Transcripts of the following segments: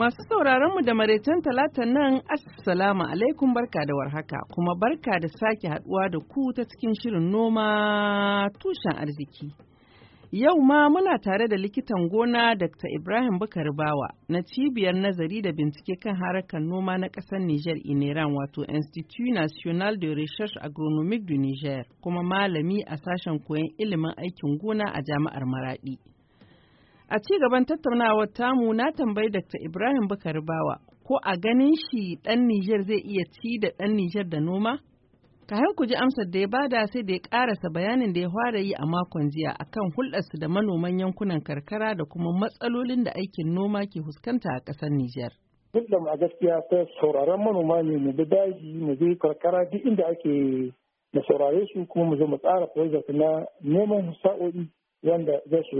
Masu sauraronmu da maraicen talata nan assalamu alaikum barka da warhaka kuma barka da sake haduwa da ku ta cikin shirin noma tushen arziki. Yau ma muna tare da likitan gona Dr. Ibrahim Bukar Bawa na cibiyar nazari da bincike kan harkar noma na ƙasar Niger Ineran wato Institut National de Recherche Agronomique du Niger kuma malami a sashen koyon ilimin aikin gona a jami'ar Maraɗi. A ci gaban tattaunawar tamu na tambayi Dr. Ibrahim Bukari Bawa ko a ganin shi ɗan Nijar zai iya ci da ɗan Nijar da noma? Ka ku ji amsar da ya bada sai da ya karasa bayanin da ya fara yi a makon jiya akan hulɗarsu da manoman yankunan karkara da kuma matsalolin da aikin noma ke fuskanta a ƙasar Nijar. Duk da a gaskiya ta sauraron manoma ne mu bi daji mu je karkara duk inda ake mu saurare su kuma mu zo mu tsara project na neman sa'o'i wanda zai su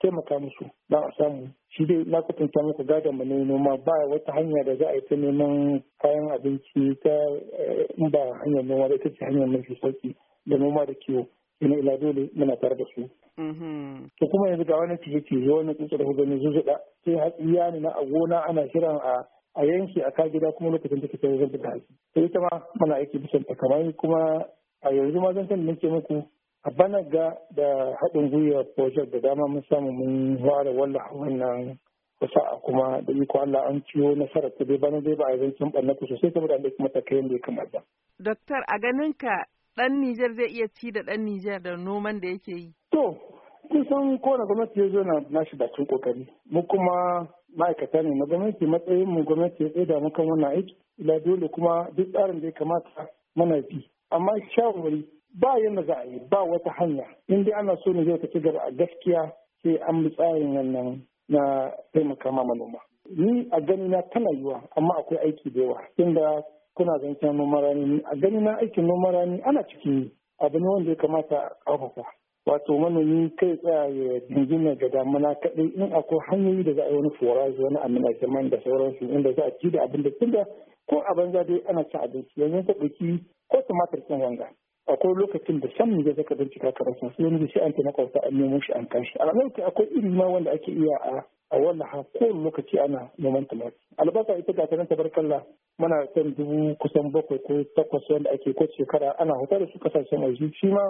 taimaka musu don a samu shi dai na kwatanta muku gadon mu ne noma ba wata hanya da za a yi ta neman kayan abinci ta eh, ba hanyar noma da ita ce hanyar mafi sauki da noma da kiwo ina ila dole muna tare da su. Mm-hmm. To kuma yanzu ga wani ciye ciye wani ne zuzu da sai hatsi ya nuna a gona ana shirin a a yanki a gida kuma lokacin da take zan fita hatsi. Sai ita ma muna aiki bisa ta kamar kuma a yanzu ma zan san nake muku a bana ga da haɗin gwiwa project da dama mun samu mun fara walla wannan kusa a kuma da iko Allah an ciyo nasara ta dai bana dai ba a zancen ɓannata sosai saboda an kuma takayin da ya ba. Doktor a ganin ka ɗan Nijar zai iya ci da ɗan Nijar da noman da yake yi. To kusan kowane gwamnati ya zo na nashi bakin kokari mu kuma ma'aikata ne na gwamnati matsayin mu gwamnati ya tsaida mu kan wannan aiki ila dole kuma duk tsarin da ya kamata mana bi amma shawarwari ba yadda za a yi ba wata hanya in dai ana so ne zai ta ci gaba a gaskiya sai an bi tsarin wannan na taimaka ma manoma ni a gani na tana yiwa amma akwai aiki da yawa inda kuna zancen noman rani a gani na aikin noman rani ana ciki. abu ne wanda ya kamata a ƙarfafa wato manomi kai tsaya ya dingina ga damuna kaɗai in akwai hanyoyi da za a yi wani forage wani amina, jama'a da sauransu inda za a ci da abin da ko a banza dai ana cin abinci yanzu ta ɗauki ko tumatir kin wanga akwai lokacin da sanin da zaka bincika ka rasa sai wani sai an ta wata an nemo shi an kashi a lokacin akwai iri ma wanda ake iya a a wannan ha lokaci ana noman tumatir albasa ita ga ta tabarkalla muna son dubu kusan bakwai ko takwas wanda ake ko shekara ana hutar da su kasashen waje shi ma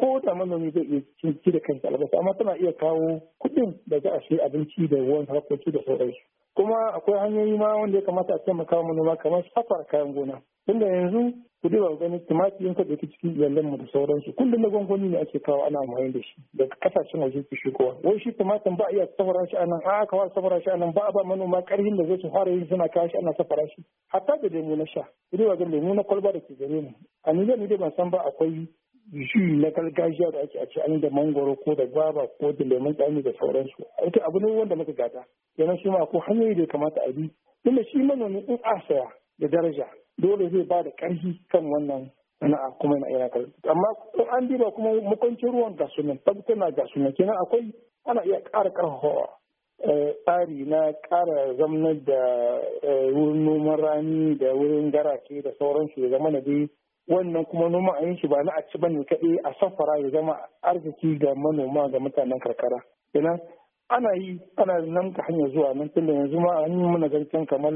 ko da manomi zai iya ci da kansa albasa amma tana iya kawo kuɗin da za a shi abinci da ruwan harkoki da sauransu kuma akwai hanyoyi ma wanda ya kamata a taimaka wa manoma kamar safar kayan gona tunda yanzu ku duba gani tumatir in ka cikin lallen mu da sauransu kullum na gwangwani ne ake kawo ana amfani da shi daga kasashen waje ke shigowa wai shi tumatir ba a iya safara shi anan A'a aka fara safara shi anan ba a ba manoma karhin da zai su fara yin suna kawo shi ana safara shi hatta da lemu na sha ku duba gani lemu na kwalba da ke gare mu a ni zan dai ban san ba akwai juyi na gargajiya da ake a ce an da mangoro ko da gwaba ko da lemon tsami da sauransu ita abu ne wanda muka gada yana shi ma ko hanyoyi da kamata a bi inda shi manomi in a saya da daraja dole zai ba da karfi kan wannan sana'a kuma na iya kar amma in an diba kuma makwancin ruwan gasunan tabbatana gasunan kenan akwai ana iya ƙara ƙarfafawa eh, tsari na ƙara zamanar da eh, wurin noman rani da wurin garake da sauransu ya zama na dai wannan kuma noma a yanki ba na a ci ba ne kaɗai a safara ya zama arziki ga manoma ga mutanen karkara Ina ana yi ana nan ta hanyar zuwa nan tunda yanzu ma an yi mana zancen kamar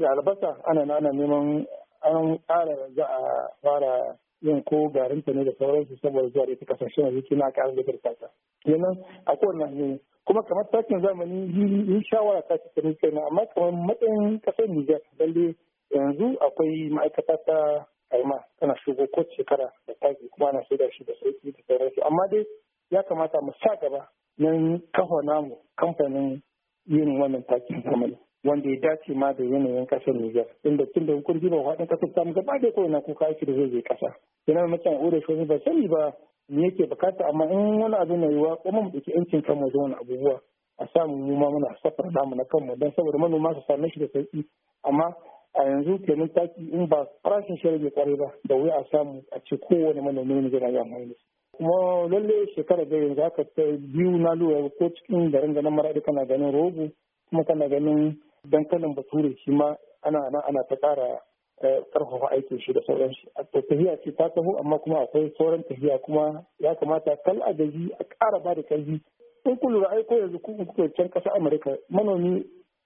da albasa ana ana neman an ƙara za a fara yin ko garin ta ne da sauransu saboda zuwa da ita kasashen yanzu na ƙara da karkata kenan a kowane hanyoyi kuma kamar takin zamani yi shawara ta ce kenan amma kamar matsayin ƙasar Nijar lalle yanzu akwai ma'aikata ta ma tana shigo ko shekara da taki kuma ana saida shi da sauki da sauransu amma dai ya kamata mu sa gaba nan kafa namu kamfanin yin wannan takin zamani wanda ya dace ma da yanayin kasar Nijar inda tun da kun jiba faɗin kasar ta mu gaba da kawai na kuka yake da zai je kasa yana mutan ore shi ba sani ba me yake bukata amma in wani abu na yiwa kuma mu dake yancin kanmu da wani abubuwa a samu mu ma muna safar namu na kanmu Dan saboda manoma su same shi da sauki amma a yanzu kenan taki in ba farashin shi rage kwarai ba da wuya a samu a ce kowane manomi ne zai ya mai kuma lalle shekara da yanzu aka ta biyu na lura ko cikin garin ganin maradi kana ganin rogo kuma kana ganin dankalin bature shi ma ana na ana ta kara eh, ƙarfafa aikin shi da sauran shi tafiya ce ta taho amma kuma akwai sauran tafiya kuma ya kamata kal a gaji a kara ba da ƙarfi in ku lura aiko yanzu ku kuke can kasa amurka manomi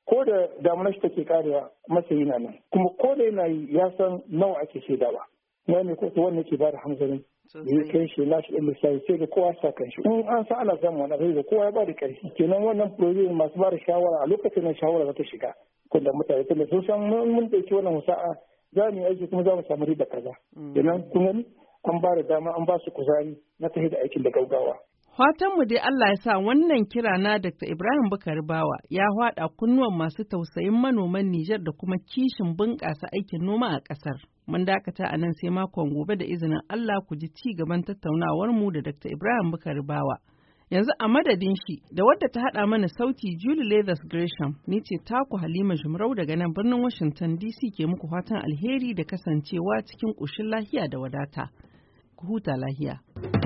ko da damar shi take karewa yi na nan kuma ko da yana yi ya san nawa ake ce dawa na ne ko wannan ke ba da hanzarin ya kai shi lashe ɗin sai da kowa sa kan shi in an sa ana samu wani abin da kowa ya ba da ƙarfi kenan wannan proje masu ba da shawara a lokacin da shawara zata ta shiga kunda mutane tunda sun san mun ɗauki wannan musa'a za mu yi aiki kuma za mu samu riba kaza mm. kenan kun gani an ba da dama an ba su kuzari na ta da aikin da gaugawa mu dai Allah ya sa wannan kira na Dr. Ibrahim Bukari Bawa ya haɗa kunnuwan masu tausayin manoman Nijar da kuma kishin bunƙasa aikin noma a ƙasar. Mun dakata a nan sai makon gobe da izinin Allah ku ji ci gaban tattaunawar mu da Dr. Ibrahim Bukari Bawa. Yanzu a madadin shi da wadda ta haɗa mana sauti Julie Leathers Gresham ni ce taku Halima Jumrau daga nan birnin Washington DC ke muku fatan alheri da kasancewa cikin ƙoshin lahiya da wadata. Ku huta lahiya.